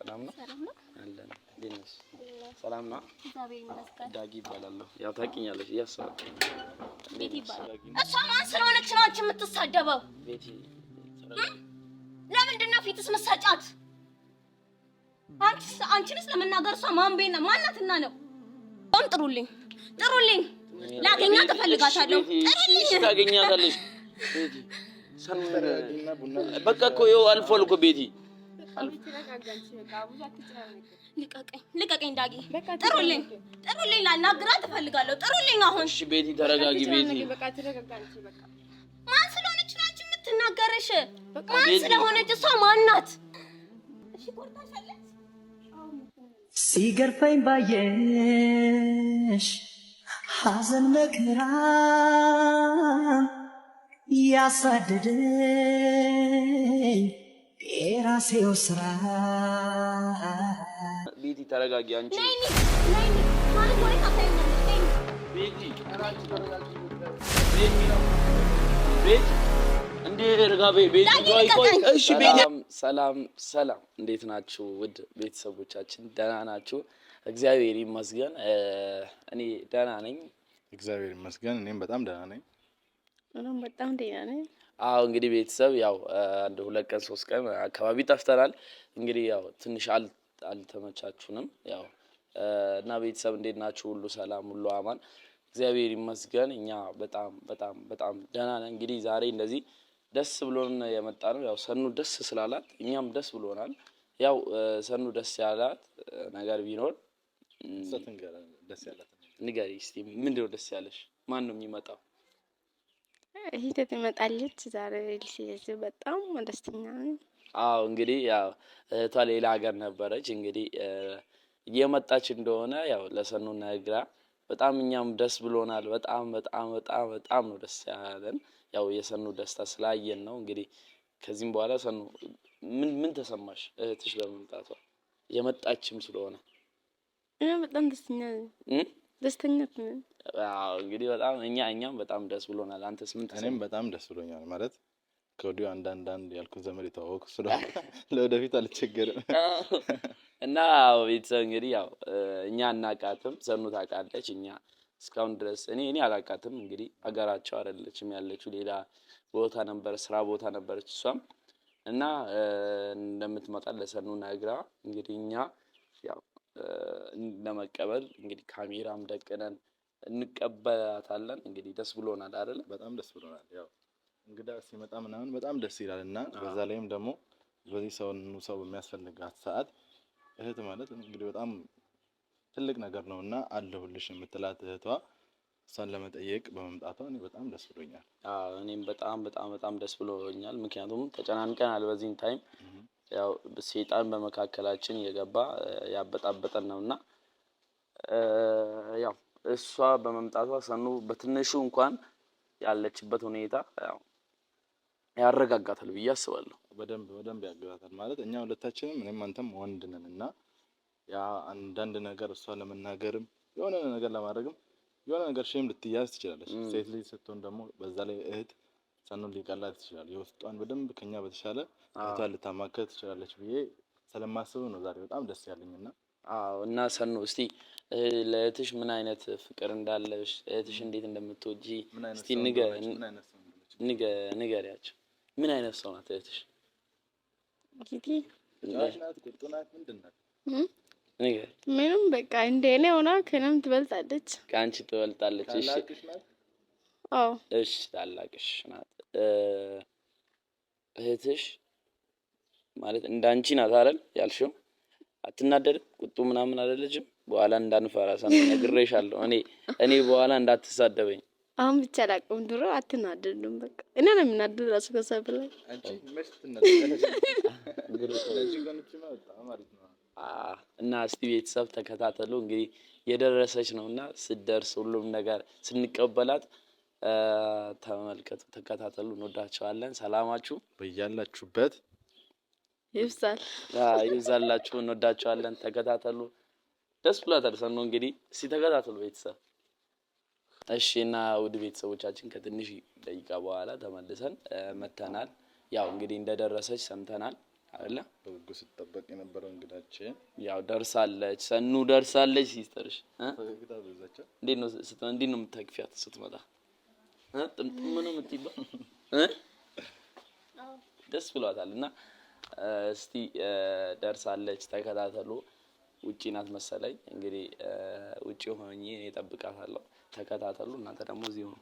ሰላም ነው አለን። እንዴት ነሽ? ሰላም ነው። ዳጊ ይባላለሁ። ያው ታውቂኛለሽ። እያሰብኩ ቤቲ ይባላል። እሷ ማን ስለሆነች ነው አንቺ የምትሳደበው? ቤቲ ለምንድን ነው ፊትስ መሳጫት? አንቺስ አንቺንስ ለመናገር እሷ ማን ቤት ነው ማናትና ነው? ቆም ጥሩልኝ፣ ጥሩልኝ፣ ላገኛ እፈልጋታለሁ። ጥሩልኝ፣ ታገኛታለሽ። ቤቲ ሰላም። በቃ እኮ ይኸው አልፏል እኮ ቤቲ ልቀቀኝ፣ ልቀቀኝ ዳጊ፣ ጥሩልኝ፣ ጥሩልኝ፣ ላናግራት እፈልጋለሁ። ጥሩልኝ አሁን። እሺ ቤቲ ተረጋጊ። ቤቲ ማን ስለሆነች ነው አንቺ ማን ስለሆነች? እሷ ማን ናት? ሲገርፈኝ ባየሽ ሐዘን መከራ ያሳደደኝ የራሴው ስራ ቤቲ ተረጋጊ። አንቺ ሰላም ሰላም፣ እንዴት ናችሁ ውድ ቤተሰቦቻችን? ደህና ናችሁ? እግዚአብሔር ይመስገን እኔ ደህና ነኝ። እግዚአብሔር ይመስገን እኔም በጣም ደህና ነኝ። በጣም ደህና ነኝ። አዎ እንግዲህ ቤተሰብ ያው አንድ ሁለት ቀን ሶስት ቀን አካባቢ ጠፍተናል። እንግዲህ ያው ትንሽ አልተመቻችሁንም ያው እና ቤተሰብ እንዴት ናችሁ? ሁሉ ሰላም፣ ሁሉ አማን፣ እግዚአብሔር ይመስገን። እኛ በጣም በጣም በጣም ደህና ነን። እንግዲህ ዛሬ እንደዚህ ደስ ብሎን የመጣ ነው። ያው ሰኑ ደስ ስላላት እኛም ደስ ብሎናል። ያው ሰኑ ደስ ያላት ነገር ቢኖር ንገሪ እስኪ ምንድነው ደስ ያለሽ? ማን ነው የሚመጣው? ሂደት ይመጣለች። ዛሬ ልስየዝ በጣም ደስተኛ ነኝ። አዎ እንግዲህ ያው እህቷ ሌላ ሀገር ነበረች። እንግዲህ እየመጣች እንደሆነ ያው ለሰኑ ነግራ በጣም እኛም ደስ ብሎናል። በጣም በጣም በጣም በጣም ነው ደስ ያለን። ያው የሰኑ ደስታ ስላየን ነው። እንግዲህ ከዚህም በኋላ ሰኑ ምን ምን ተሰማሽ እህትሽ በመምጣቷ የመጣችም ስለሆነ? በጣም ደስተኛ ነኝ። ደስተኛ እንግዲህ በጣም እኛ እኛም በጣም ደስ ብሎናል። አንተ ስምንት እኔም በጣም ደስ ብሎኛል ማለት ከወዲሁ አንዳንድ አንድ ያልኩት ዘመድ የተዋወቅ ስለ ለወደፊት አልቸገርም እና ቤተሰብ እንግዲህ ያው እኛ እናቃትም ሰኑ ታውቃለች። እኛ እስካሁን ድረስ እኔ እኔ አላቃትም። እንግዲህ አገራቸው አይደለችም ያለችው፣ ሌላ ቦታ ነበር፣ ስራ ቦታ ነበረች እሷም እና እንደምትመጣ ለሰኑ ነግራ እንግዲህ እኛ ለመቀበል እንግዲህ ካሜራም ደቅነን እንቀበላታለን። እንግዲህ ደስ ብሎናል አይደለ? በጣም ደስ ብሎናል። ያው እንግዳ ሲመጣ ምናምን በጣም ደስ ይላል እና በዛ ላይም ደግሞ በዚህ ሰው ሰው በሚያስፈልጋት ሰዓት እህት ማለት እንግዲህ በጣም ትልቅ ነገር ነው እና አለሁልሽ የምትላት እህቷ እሷን ለመጠየቅ በመምጣቷ እኔ በጣም ደስ ብሎኛል። እኔም በጣም በጣም በጣም ደስ ብሎኛል። ምክንያቱም ተጨናንቀናል በዚህን ታይም ያው ሴጣን በመካከላችን እየገባ ያበጣበጠን ነው እና ያው እሷ በመምጣቷ ሰኑ በትንሹ እንኳን ያለችበት ሁኔታ ያው ያረጋጋታል ብዬ አስባለሁ። በደንብ በደንብ ያግዛታል ማለት እኛ ሁለታችንም እኔም አንተም ወንድ ነን እና ያ አንዳንድ ነገር እሷ ለመናገርም የሆነ ነገር ለማድረግም የሆነ ነገር ሼም ልትያዝ ትችላለች። ሴት ልጅ ስትሆን ደግሞ በዛ ላይ እህት ጫናውን ሊቀላት ይችላል። የውስጧን በደንብ ከኛ በተሻለ እህቷን ልታማከር ትችላለች ብዬ ስለማስብ ነው ዛሬ በጣም ደስ ያለኝ እና አዎ እና ሰኑ እስቲ ለእህትሽ ምን አይነት ፍቅር እንዳለሽ እህትሽ እንዴት እንደምትወጂ እስቲ ንገሪያቸው። ምን አይነት ሰው ናት እህትሽ? ምንም በቃ እንደ እኔ ሆና ከእኔም ትበልጣለች፣ ከአንቺ ትበልጣለች። እሺ፣ እሺ ታላቅሽ ናት። እህትሽ ማለት እንዳንቺ ናት አይደል ያልሽው? አትናደድም? ቁጡ ምናምን አደለችም በኋላ እንዳንፈራ ሰን ነግሬሻለሁ። እኔ እኔ በኋላ እንዳትሳደበኝ። አሁን ብቻ አላውቅም። ድሮ አትናደድም። በቃ እኔ ነው የምናደድ ራሱ ከሰብ ላይ እና እስቲ ቤተሰብ ተከታተሉ እንግዲህ የደረሰች ነው እና ስደርስ ሁሉም ነገር ስንቀበላት ተመልከቱ፣ ተከታተሉ። እንወዳቸዋለን። ሰላማችሁ በያላችሁበት ይብዛል ይብዛላችሁ። እንወዳቸዋለን። ተከታተሉ። ደስ ብሏታል ሰኖ እንግዲህ እስቲ ተከታተሉ ቤተሰብ። እሺ እና ውድ ቤተሰቦቻችን ከትንሽ ደቂቃ በኋላ ተመልሰን መተናል። ያው እንግዲህ እንደደረሰች ሰምተናል አይደለ? በጉጉት ስትጠበቅ የነበረው እንግዳችን ያው ደርሳለች። ሰኑ ደርሳለች። ሲስተርሽ እንዴት ነው ስትመጣ? ጥምጥም ነው የምትይባል ደስ ብሏታል። እና እስቲ ደርሳለች፣ ተከታተሉ። ውጪ ናት መሰለኝ እንግዲህ ውጪ ሆኜ እጠብቃታለሁ። ተከታተሉ። እናንተ ደግሞ እዚህ ሆኑ።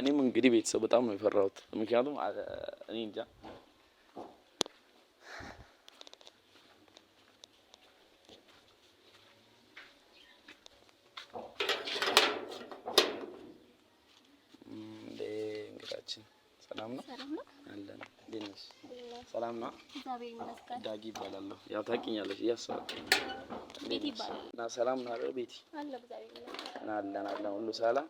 እኔም እንግዲህ ቤተሰብ በጣም ነው የፈራሁት፣ ምክንያቱም እኔ እንጃ ሰላም ነው አለን። እንዴት ነሽ? ሰላም ነው። ዳጊ ያው ታውቂኛለሽ። ሰላም ነው አለን አለን። ሁሉ ሰላም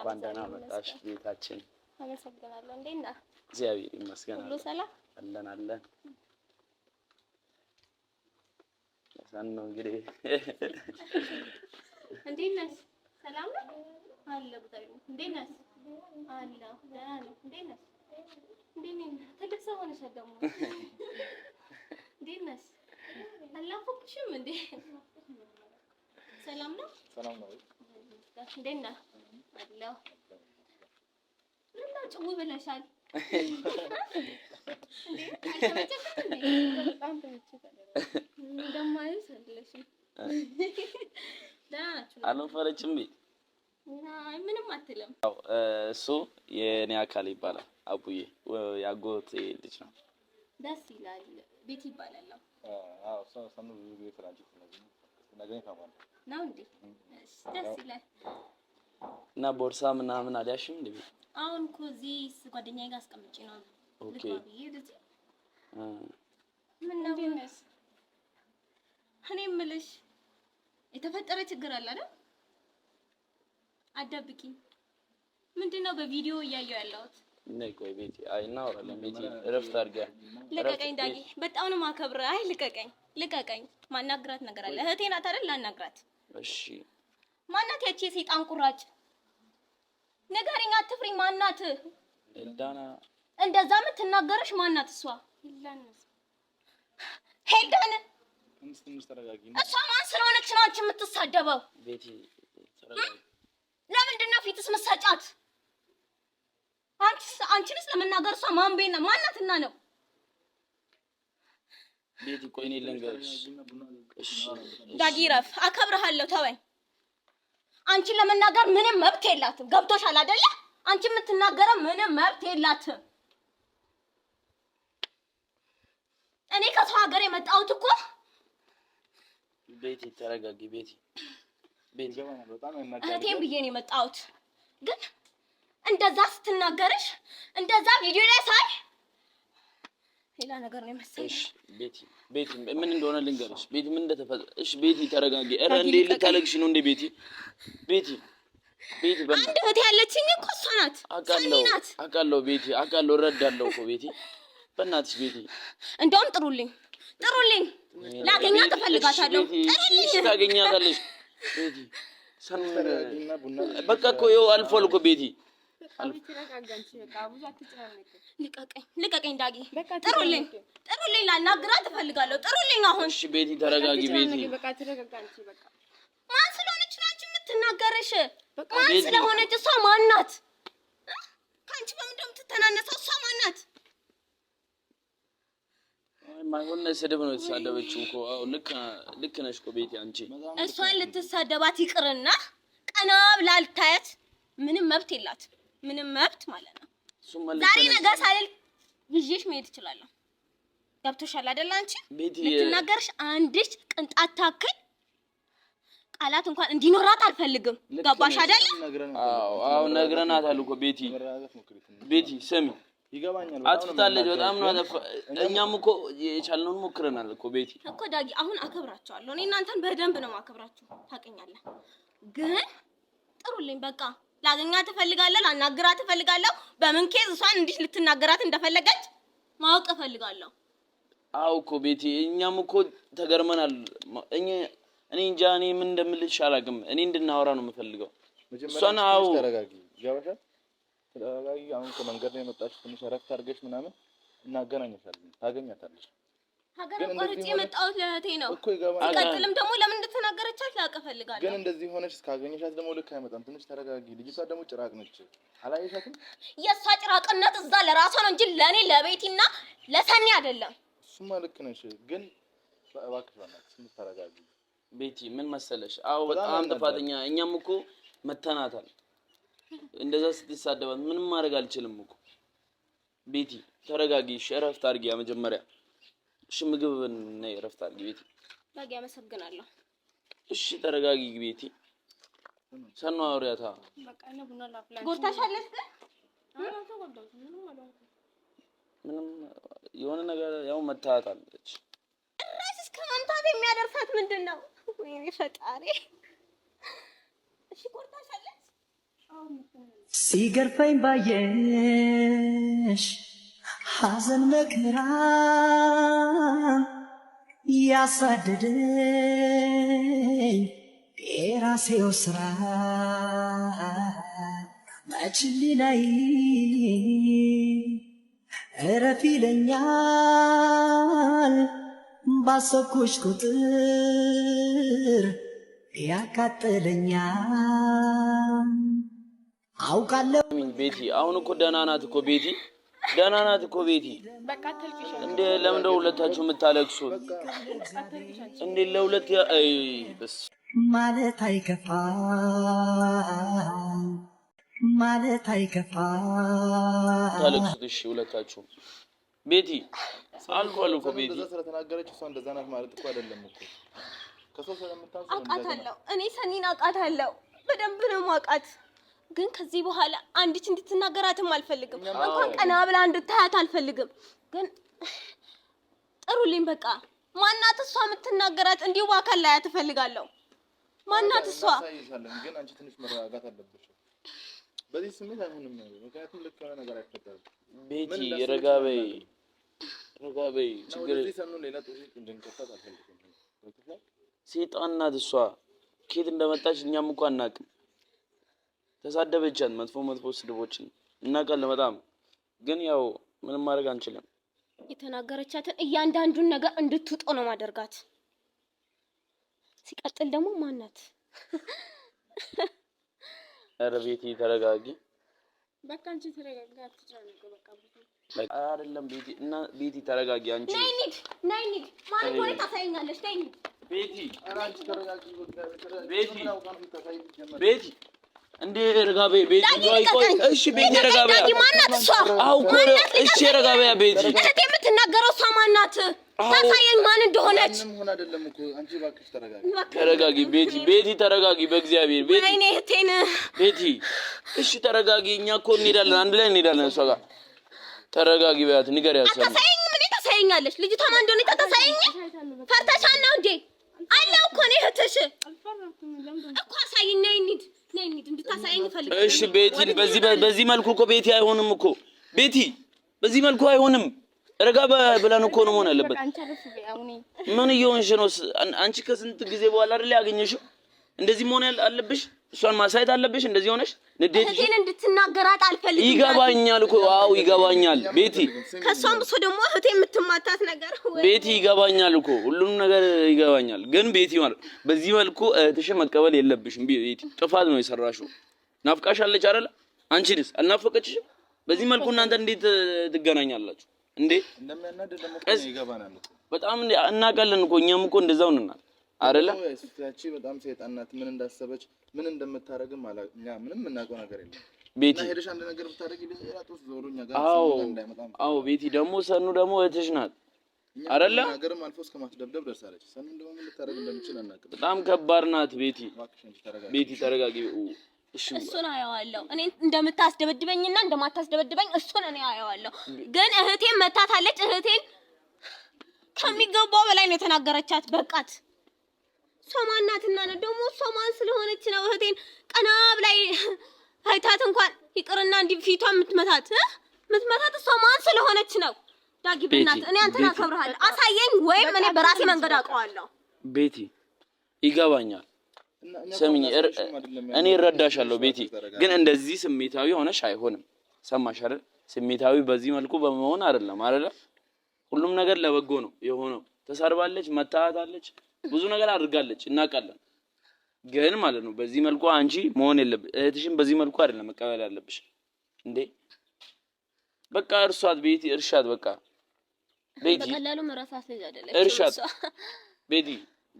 እንኳን ደህና መጣሽ ቤታችን። አመሰግናለሁ። እንዴት ነህ? እግዚአብሔር ይመስገን። ሁሉ ሰላም አለን አለን። ነው እንግዲህ እንዴት ነሽ? ሰላም ነው አለ። እንዴት ነሽ? ሰላም ነው። ምንም አትልም። እሱ የእኔ አካል ይባላል። አቡዬ ያጎቴ ልጅ ነው። ደስ ይላል። ቤት ይባላል ነው ደስ ይላል። እና ቦርሳ ምናምን አልያሽም እንዴ? አሁን እኮ እዚህ ጓደኛዬ ጋር አስቀምጬ ነው። ኦኬ እኔ የምልሽ የተፈጠረ ችግር አለ አይደል? አዳብቂ ምንድነው በቪዲዮ እያየሁ ያለሁት? ነይ ቆይ ቤቲ፣ አይ እናወራለን። ቤቲ እረፍት አድርጊ። ልቀቀኝ ዳጊ፣ በጣም ነው የማከብርህ። አይ ልቀቀኝ፣ ልቀቀኝ። ማናግራት ነገር አለ። እህቴ ናት አይደል? ላናግራት። እሺ ማናት? ያቺ የሰይጣን ቁራጭ ንገሪኝ። አትፍሪ። ማናት? ኤልዳና። እንደዛ የምትናገርሽ ማናት? እሷ ሄልዳን። እሷ ማን ስለሆነች ነው አንቺ የምትሳደበው? ቤቲ ተረጋጊ ለምንድን ነው ፊትስ መሳጫት? አንቺስ አንቺንስ ለመናገር እሷ ማንቤና ማናትና ነው ቤቲ ቆይ እኔ ልንገርሽ። ዳጊ ረፍ አከብርሃለሁ፣ ተወኝ። አንቺን ለመናገር ምንም መብት የላትም። ገብቶሻል አይደለ? አንቺ የምትናገረው ምንም መብት የላትም። እኔ ከሰው ሀገር የመጣሁት እኮ ቤቲ፣ ተረጋጊ ቤቲ እህቴን ብዬ ነው የመጣሁት። ግን እንደዛ ስትናገርሽ እንደዛ ቪዲዮ ላይ ሳይ ሌላ ነገር ነው የመሰለሽ። ቤቲ ቤቲ ምን እንደሆነ ልንገርሽ። ቤቲ ምን እንደተፈጠረ። እሺ ቤቲ ተረጋጊ። ኧረ እንዴ ልታለቅሽ ነው እንዴ? ቤቲ ቤቲ ቤቲ አንድ እህት ያለችኝ እኮ እሷ ናት። አውቃለሁ ቤቲ አውቃለሁ፣ እረዳለሁ እኮ ቤቲ። በእናትሽ ቤቲ እንደውም ጥሩልኝ፣ ጥሩልኝ፣ ላገኛት እፈልጋታለሁ። ጥሩልኝ፣ ታገኛታለሽ በቃ እኮ ይኸው አልፏል እኮ ቤቲ ልቀቀኝ፣ ልቀቀኝ ጥሩልኝ፣ ላናግራት እፈልጋለሁ። ጥሩልኝ አሁን። እሺ ቤቲ ተረጋጊ። ቤቲ ማን ስለሆነች ነው አንቺ የምትናገረሽ? ማን ስለሆነች? እሷ ማን ናት? ከአንቺ በምንድን ነው የምትተናነሰው? የማይሆን ስድብ ነው የተሳደበችው እኮ። አዎ ልክ ነሽ እኮ ቤቲ። አንቺ እሷን ልትሳደባት ይቅርና ቀና ብላ ልታያት ምንም መብት የላት፣ ምንም መብት ማለት ነው። ዛሬ ነገር ሳልል ይዤሽ መሄድ እችላለሁ። ገብቶሻል አይደል? አንቺ ልትናገርሽ አንድሽ ቅንጣት ታክል ቃላት እንኳን እንዲኖራት አልፈልግም። ገባሽ አይደል? አዎ አዎ፣ ነግረናታል እኮ ቤቲ። ቤቲ ስሚ ይገባኛል። በጣም ነው አጠፋ። እኛም እኮ የቻልነውን ሞክረናል እኮ ቤቲ እኮ ዳጊ፣ አሁን አከብራቸዋለሁ እኔ እናንተን በደንብ ነው ማከብራችሁ። ታውቀኛለህ፣ ግን ጥሩልኝ በቃ ላገኛ እፈልጋለሁ፣ ላናግራ እፈልጋለሁ። በምን ኬዝ እሷን እንዲህ ልትናገራት እንደፈለገች ማወቅ እፈልጋለሁ። አው እኮ ቤቲ፣ እኛም እኮ ተገርመናል። እኔ እኔ እንጃ እኔ ምን እንደምልሽ አላውቅም። እኔ እንድናወራ ነው የምፈልገው እሷን። አው አዎ ተረጋጊ። አሁን ከመንገድ ላይ የመጣችው ትንሽ እረፍት አድርገሽ ምናምን እናገናኘሻለን፣ ታገኛታለሽ። ሀገር ቆርጬ የመጣሁት ለእህቴ ነው እኮ ይገባል። ሲቀጥልም ደግሞ ለምን እንደተናገረቻት ላውቅ እፈልጋለሁ። ግን እንደዚህ ሆነሽ እስካገኘሻት ደግሞ ልክ አይመጣም። ትንሽ ተረጋጊ። ልጅቷ ደግሞ ጭራቅ ነች፣ አላየሻትም? የእሷ ጭራቅነት እዛ ለራሷ ነው እንጂ ለእኔ ለቤቲና ለሰኔ አይደለም። እሱማ ልክ ነሽ፣ ግን እባክሽ በእናትሽ ትንሽ ተረጋጊ። ቤቲ ምን መሰለሽ፣ አዎ በጣም ጥፋተኛ እኛም እኮ መተናታል እንደዛ ስትሳደባት ምንም ማድረግ አልችልም እኮ። ቤቲ ተረጋጊ፣ እረፍት አድርጊ። መጀመሪያ እሺ፣ ምግብ ነይ፣ እረፍት አድርጊ ቤቲ። ታጊ አመሰግናለሁ። እሺ ተረጋጊ ቤቲ። ሰኖ አውሪያታ ጎርታሻለች። ምንም የሆነ ነገር ያው መታታለች አለች። ራስ እስከ መምታት የሚያደርሳት ምንድን ነው? ወይኔ ፈጣሪ ሲገርፈኝ ባየሽ ሐዘን መከራ ያሳደደኝ የራሴው ስራ መችሊ ላይ እረፍ ይለኛል ባሰብኩሽ ቁጥር ያቃጥለኛል። አውቃለሁ። ቤቲ አሁን እኮ ደህና ናት እኮ ቤቲ፣ ደህና ናት እኮ ቤቲ። እንዴ ለምን ደው ሁለታችሁ የምታለቅሱት እንዴ? ለሁለት ያ አይ በስ ማለት አይከፋ ማለት አይከፋ ታለቅሱት። እሺ ሁለታችሁ ቤቲ አልኳል እኮ ቤቲ ስለተናገረች እሷ እንደዛ ናት ማለት እኮ አይደለም እኮ ከሰው ስለምታውቅ አውቃታለሁ። እኔ ሰኒን አውቃታለሁ፣ በደንብ ነው የማውቃት ግን ከዚህ በኋላ አንዲት እንድትናገራትም አልፈልግም። እንኳን ቀና ብላ እንድታያት አልፈልግም። ግን ጥሩልኝ፣ በቃ ማናት እሷ የምትናገራት? እንዲሁ በአካል ላይ እፈልጋለሁ። ማናት እሷ? ግን አንቺ ትንሽ መረጋጋት አለብሽ። በዚህ ስሜት አይሆንም። ምክንያቱም ልክ የሆነ ነገር አይፈጠርም። ቤቲ ረጋ በይ፣ ረጋ በይ። ችግር ሴጣን ናት እሷ። ኬት እንደመጣች እኛም እንኳን አናውቅም። ተሳደበቻት መጥፎ መጥፎ ስድቦችን እናውቃለን በጣም ግን ያው ምንም ማድረግ አንችልም። የተናገረቻትን እያንዳንዱን ነገር እንድትውጦ ነው ማደርጋት። ሲቀጥል ደግሞ ማናት? ኧረ ቤቲ ተረጋጊ። በቃ አንቺ ተረጋጊ፣ አትጨናነቂ። በቃ አይደለም ቤቲ እና ቤቲ ተረጋጊ። አንቺ ነይ እንሂድ፣ ነይ እንሂድ። ማን ወይ ታሳይኛለሽ? ነይ እንሂድ ቤቲ፣ ተረጋጊ። ቤቲ ቤቲ እንዴ ረጋቤ ቤት ነው ቆይ፣ ማናት? እሷ አው የምትናገረው እሷ ማናት? ታሳየኝ ማን እንደሆነች። ተረጋጊ ቤቲ ተረጋጊ፣ በእግዚአብሔር ቤቲ፣ ወይኔ እህቴን ቤቲ፣ እሺ ተረጋጊ። እኛ እኮ እንሄዳለን፣ አንድ ላይ እንሄዳለን እሷ ጋር። ተረጋጊ በያት፣ ንገሪያት። አታሳየኝ፣ ምን ታሳየኛለች? ልጅቷ ማን እንደሆነች ታሳየኝ። ፈርተሻል ነው እንዴ? አለው እኮ እኔ እህትሽ እኮ አሳይኝ፣ ነይ እንሂድ ላይ እሺ ቤቲ፣ በዚህ በዚህ መልኩ እኮ ቤቲ አይሆንም እኮ ቤቲ፣ በዚህ መልኩ አይሆንም። ረጋ ብለን እኮ ነው መሆን አለበት። ምን እየሆንሽ ነው አንቺ? ከስንት ጊዜ በኋላ አይደል ያገኘሽው? እንደዚህ መሆን አለብሽ። እሷን ማሳየት አለብሽ። እንደዚህ ሆነሽ ንዴት እህቴን እንድትናገራት አልፈልግም። ይገባኛል እኮ አዎ፣ ይገባኛል ቤቲ። ከሷም ብሶ ደግሞ እህቴ የምትማታት ነገር ቤቲ፣ ይገባኛል እኮ ሁሉም ነገር ይገባኛል። ግን ቤቲ ማለት በዚህ መልኩ እህትሽን መቀበል የለብሽም ቤቲ። ጥፋት ነው የሰራሽው። ናፍቃሻለች አይደል? አንቺንስ አልናፈቀችሽም? በዚህ መልኩ እናንተ እንዴት ትገናኛላችሁ እንዴ? በጣም እናውቃለን እኮ እኛም እኮ እንደዛው ነን። አይደለም ስታቺ በጣም ሰይጣን ናት። ምን እንዳሰበች ምን እንደምታረግም እኛ ምንም የምናውቀው ነገር የለም። ቤቲ ሄደሽ አንድ ነገር ቤቲ ደግሞ ሰኑ ደግሞ እህትሽ ናት አይደለ? ነገርም አልፎ እስከ ማስደብደብ ደርሳለች። ሰኑ ደግሞ ምን እንደምችል አናውቅም። በጣም ከባድ ናት ቤቲ። ቤቲ ተረጋጊ። እሱን አየዋለሁ እኔ እንደማታስደበድበኝ እሱን እኔ አየዋለሁ። ግን እህቴን መታታለች። እህቴን ከሚገባው በላይ ነው የተናገረቻት። በቃት ሶማን ናትና ነው ደግሞ ሶማን ስለሆነች ነው እህቴን ቀና ብላይ አይታት እንኳን ይቅርና እንዲህ ፊቷ የምትመታት የምትመታት ሶማን ስለሆነች ነው። ዳጊ ብናት እኔ አንተን አከብርሃለሁ፣ አሳየኝ ወይም እኔ በራሴ መንገድ አውቀዋለሁ። ቤቲ ይገባኛል። ስሚኝ፣ እኔ እረዳሻለሁ። ቤቲ ግን እንደዚህ ስሜታዊ ሆነሽ አይሆንም። ሰማሽ አይደል? ስሜታዊ በዚህ መልኩ በመሆን አይደለም አይደለ? ሁሉም ነገር ለበጎ ነው የሆነው። ተሰርባለች፣ መታታለች ብዙ ነገር አድርጋለች እናውቃለን። ግን ማለት ነው በዚህ መልኩ አንቺ መሆን የለብ እህትሽን በዚህ መልኩ አይደለም መቀበል ያለብሽ። እንዴ በቃ እርሷት፣ ቤቲ እርሻት። በቃ ቤቲ በቀላሉ መረሳት ልጅ አይደለም እርሻት ቤቲ፣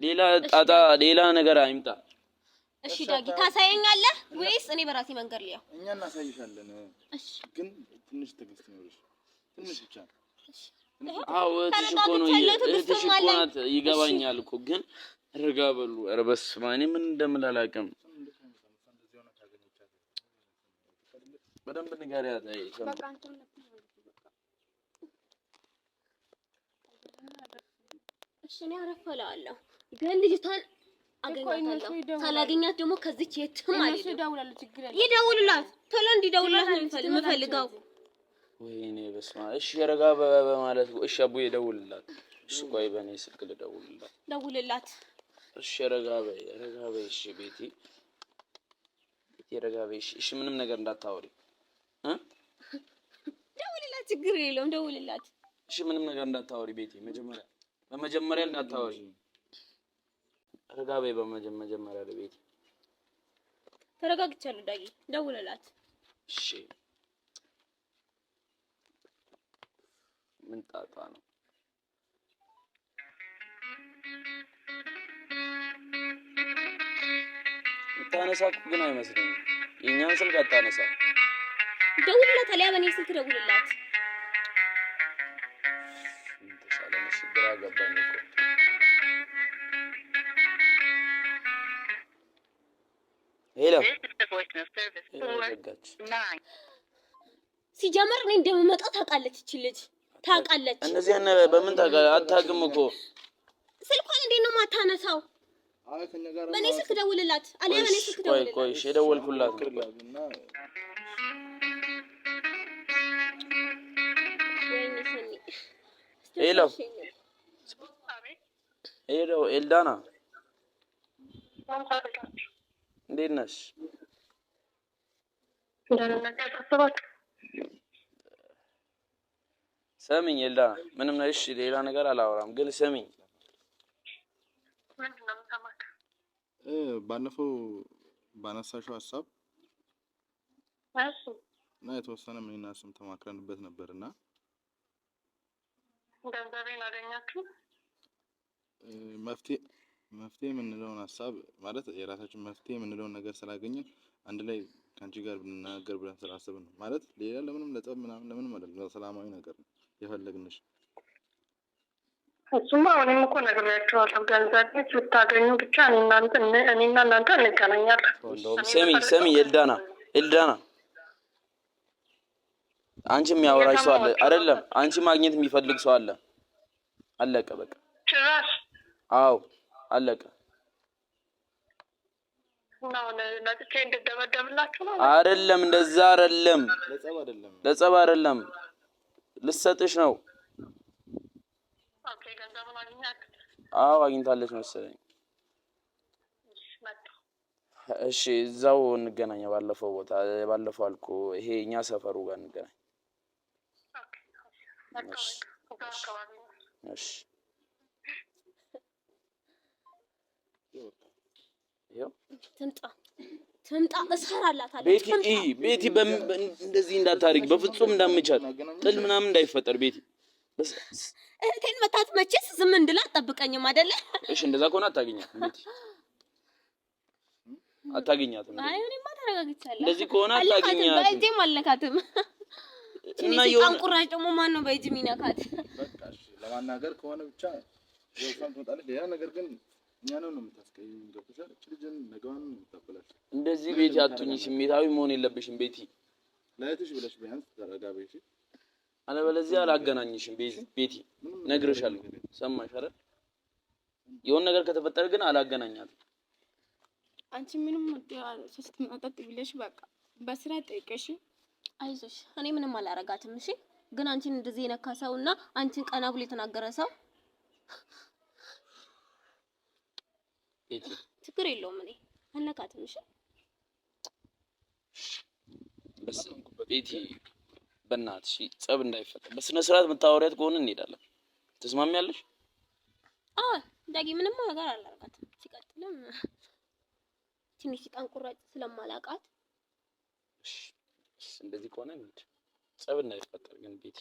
ሌላ ጣጣ፣ ሌላ ነገር አይምጣ። እሺ ዳጊ ታሳየኛለህ ወይስ እኔ በራሴ መንገድ ልያው? እኛ እናሳይሻለን፣ ግን ትንሽ ትዕግስት ነው። ትንሽ ብቻ እሺ አዎ እህትሽ እኮ ነው፣ እህትሽ እኮ ናት። ይገባኛል እኮ ግን ረጋ በሉ። ኧረ በስመ አብ እኔ ምን እንደምል አላውቅም። በደንብ እሺ፣ እኔ አረፍ ግን ልጅቷን አገኛታለሁ። ደግሞ ከዚች የትም ይደውሉላት፣ ቶሎ እንዲደውሉላት ነው የምፈልገው። ወይኔ በስመ አብ። እሺ ረጋ በማለት እሺ፣ አቡዬ ደውልላት። እሺ ቆይ በእኔ ስልክ ልደውልላት። ደውልላት። እሺ ረጋ በይ፣ ረጋ በይ። እሺ ቤቲ፣ ቤቲ ረጋ በይ። እሺ ምንም ነገር እንዳታወሪ እ ደውልላት። ችግር የለውም ደውልላት። እሺ ምንም ነገር እንዳታወሪ ቤቲ፣ መጀመሪያ በመጀመሪያ እንዳታወሪ። ረጋ በይ። በመጀመሪያ ለቤቲ ተረጋግቻለሁ። ዳጊ ደውልላት። እሺ ምንጣጧ ነው። ምታነሳ ታነሳ ግን አይመስለኝም። የእኛን ስልክ አታነሳ። ደውልላት፣ አሊያ በእኔ ስልክ ደውልላት። ሄሎ፣ ሲጀመር እኔ እንደምመጣ ታውቃለች ይቺ ልጅ። ታውቃለች። እነዚህ በምን ታውቃለህ? አታውቅም እኮ ስልኳን እንዴት ነው ማታነሳው? በእኔ ስልክ ደውልላት አሊያ በእኔ ስልክ ደውልላት። ቆይ ቆይ የደወልኩላት ሄሎ ሄሎ፣ ኤልዳና እንዴት ነሽ? ስሚኝ ኤልዳ፣ ምንም ነው። እሺ፣ ሌላ ነገር አላወራም፣ ግን ስሚኝ። ባለፈው ባነሳሽው ሀሳብ እና የተወሰነ እኔና እሱም ተማክረንበት ነበር እና ገንዘቤን አገኛችሁ መፍትሄ መፍትሄ የምንለውን ሀሳብ ማለት የራሳችን መፍትሄ የምንለውን ነገር ስላገኘን አንድ ላይ ከአንቺ ጋር ብንናገር ብለን ስላሰብን ነው። ማለት ሌላ ለምንም ለጠብ ምናምን ለምንም አይደለም፣ ለሰላማዊ ነገር ነው። የፈለግንሽ። እሱማ አሁንም እኮ ነግሬያቸዋለሁ። ገንዘብ ስታገኙ ብቻ እኔና እናንተ እንገናኛለን። ስሚ ስሚ፣ ኤልዳና ኤልዳና፣ አንቺ የሚያወራሽ ሰው አለ አይደለም? አንቺ ማግኘት የሚፈልግ ሰው አለ። አለቀ በቃ። አዎ አለቀ። አይደለም እንደዛ አይደለም፣ ለጸብ አይደለም ልሰጥሽ ነው። አዎ አግኝታለች መሰለኝ። እሺ እዛው እንገናኝ። ባለፈው ቦታ ባለፈው አልኩ። ይሄ እኛ ሰፈሩ ጋር እንገናኝ። ትምጣ ትምጣ እሰራላታለሁ። ቤቲ እ እንደዚህ እንዳታረጊ በፍጹም እንዳምቻት ጥል ምናምን እንዳይፈጠር ቤቲ እህቴን መታት መቼስ ዝም እንድላ አትጠብቀኝም አይደለ? እሺ እንደዛ ከሆነ አታገኛትም እንደዚህ ከሆነ አታገኛትም። በእጄም አልነካትም። እና የሆነ ቁራጭ ደግሞ ማን ነው በእጅ የሚነካት? ለማናገር ከሆነ ብቻ ነገር ግን ነው ነገዋን የምታበላሽ። እንደዚህ ቤት ያቱኝ ስሜታዊ መሆን የለብሽም ቤቲ። ብለሽ ቢያንስ ተረጋ ቤቲ። አለበለዚያ አላገናኝሽም ቤቲ። ነግርሻለሁ። ሰማሽ አይደል? የሆነ ነገር ከተፈጠረ ግን አላገናኛትም። አንቺ ምንም ስትመጠጥ ብለሽ በቃ በስራ ጠይቀሽ አይዞሽ። እኔ ምንም አላረጋትም። እሺ ግን አንቺን እንደዚህ የነካ ሰው እና አንቺን ቀና ብሎ የተናገረ ሰው ችግር የለውም። እኔ አልነካትም። እሺ ቤቲ፣ በእናትሽ ጸብ እንዳይፈጠር በስነ ስርዓት የምታወሪያት ከሆነ እንሄዳለን። ትስማሚያለሽ? አዎ ዳጊ፣ ምንም ነገር አላደርጋትም። ሲቀጥልም ትንሽ ቀን ቁራጭ ስለማላውቃት እንደዚህ ከሆነ ጸብ እንዳይፈጠር ግን ቤቲ